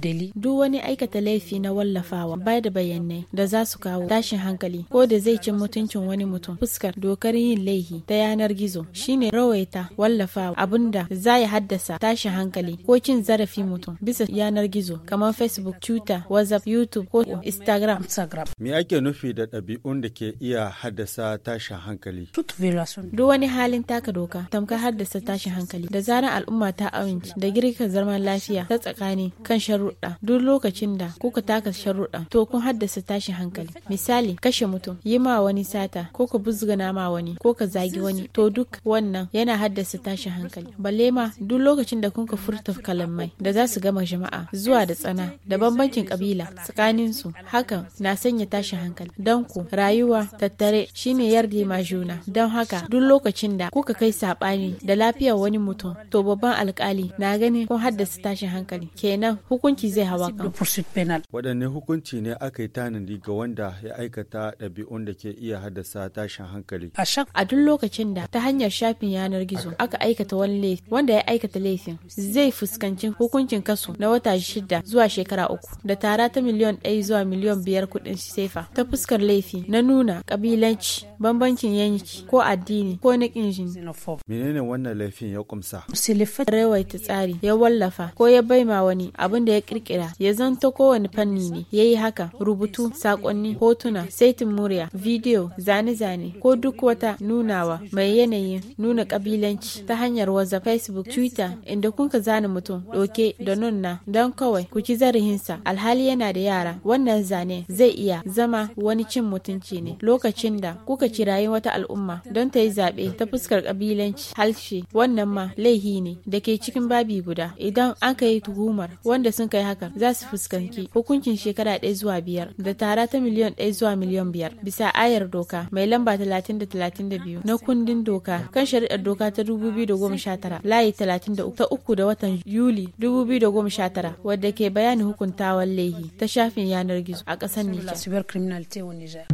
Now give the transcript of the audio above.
dali duk wani aikata laifi na wallafawa ba da bayanai da za su kawo tashin hankali ko da zai cin mutuncin wani mutum fuskar dokar yin laifi ta yanar gizo shine rawaita wallafawa abinda za ya haddasa tashin hankali ko cin zarafi mutum bisa yanar gizo kamar facebook twitter whatsapp youtube ko instagram me ake nufi da ɗabi'un da ke iya haddasa tashin hankali duk wani halin taka doka tamka haddasa tashin hankali da zarar al'umma ta amince da girka zaman lafiya ta tsakani kan sharu. sharuɗa duk lokacin da kuka taka sharuɗa to kun haddasa tashi hankali misali kashe mutum yi ma wani sata ko ka buzgana nama wani ko ka zagi wani to duk wannan yana haddasa tashi hankali balle ma duk lokacin da kun ka furta kalamai da za su gama jama'a zuwa da tsana da bambancin kabila tsakanin su hakan na sanya tashi hankali don ku rayuwa tattare shine yarda ma juna don haka duk lokacin da kuka kai saɓani da lafiyar wani mutum to babban alkali na ganin kun haddasa tashin hankali kenan hukunci yanki zai hawa kan. Waɗanne hukunci ne aka yi tanadi ga wanda ya aikata ɗabi'un da ke iya haddasa tashin hankali? A duk lokacin da ta hanyar shafin yanar gizo aka aikata wani laifi wanda ya aikata laifin zai fuskanci hukuncin kaso na wata shida zuwa shekara uku da tara ta miliyon ɗaya zuwa miliyon biyar kuɗin sefa ta fuskar laifi na nuna kabilanci bambancin yanki ko addini ko na ƙin Menene wannan laifin ya kumsa? Rawaita tsari ya wallafa ko ya baima wani abin da ya kirkira ya zanto kowane fanni ne ya yi haka rubutu sakonni hotuna saitin murya bidiyo zane-zane ko duk wata nunawa mai yanayin nuna kabilanci ta hanyar waza facebook twitter inda kunka zane mutum doke da nunna don kawai ku ci zarihinsa alhali yana da yara wannan zane zai iya zama wani cin mutunci ne lokacin da kuka kirayi wata al'umma don ta yi zaɓe ta fuskar kabilanci halshe wannan ma laihi ne da ke cikin babi guda idan aka yi tuhumar wanda sun kai kai haka za su fuskanci hukuncin shekara ɗaya zuwa biyar da tara ta miliyan ɗaya zuwa miliyan biyar bisa ayar doka mai lamba talatin da talatin da biyu na kundin doka kan shari'ar doka ta dubu biyu da goma sha tara layi talatin da uku ta uku da watan yuli dubu biyu da goma sha tara wadda ke bayani hukuntawan laihi ta shafin yanar gizo a ƙasar Nijar.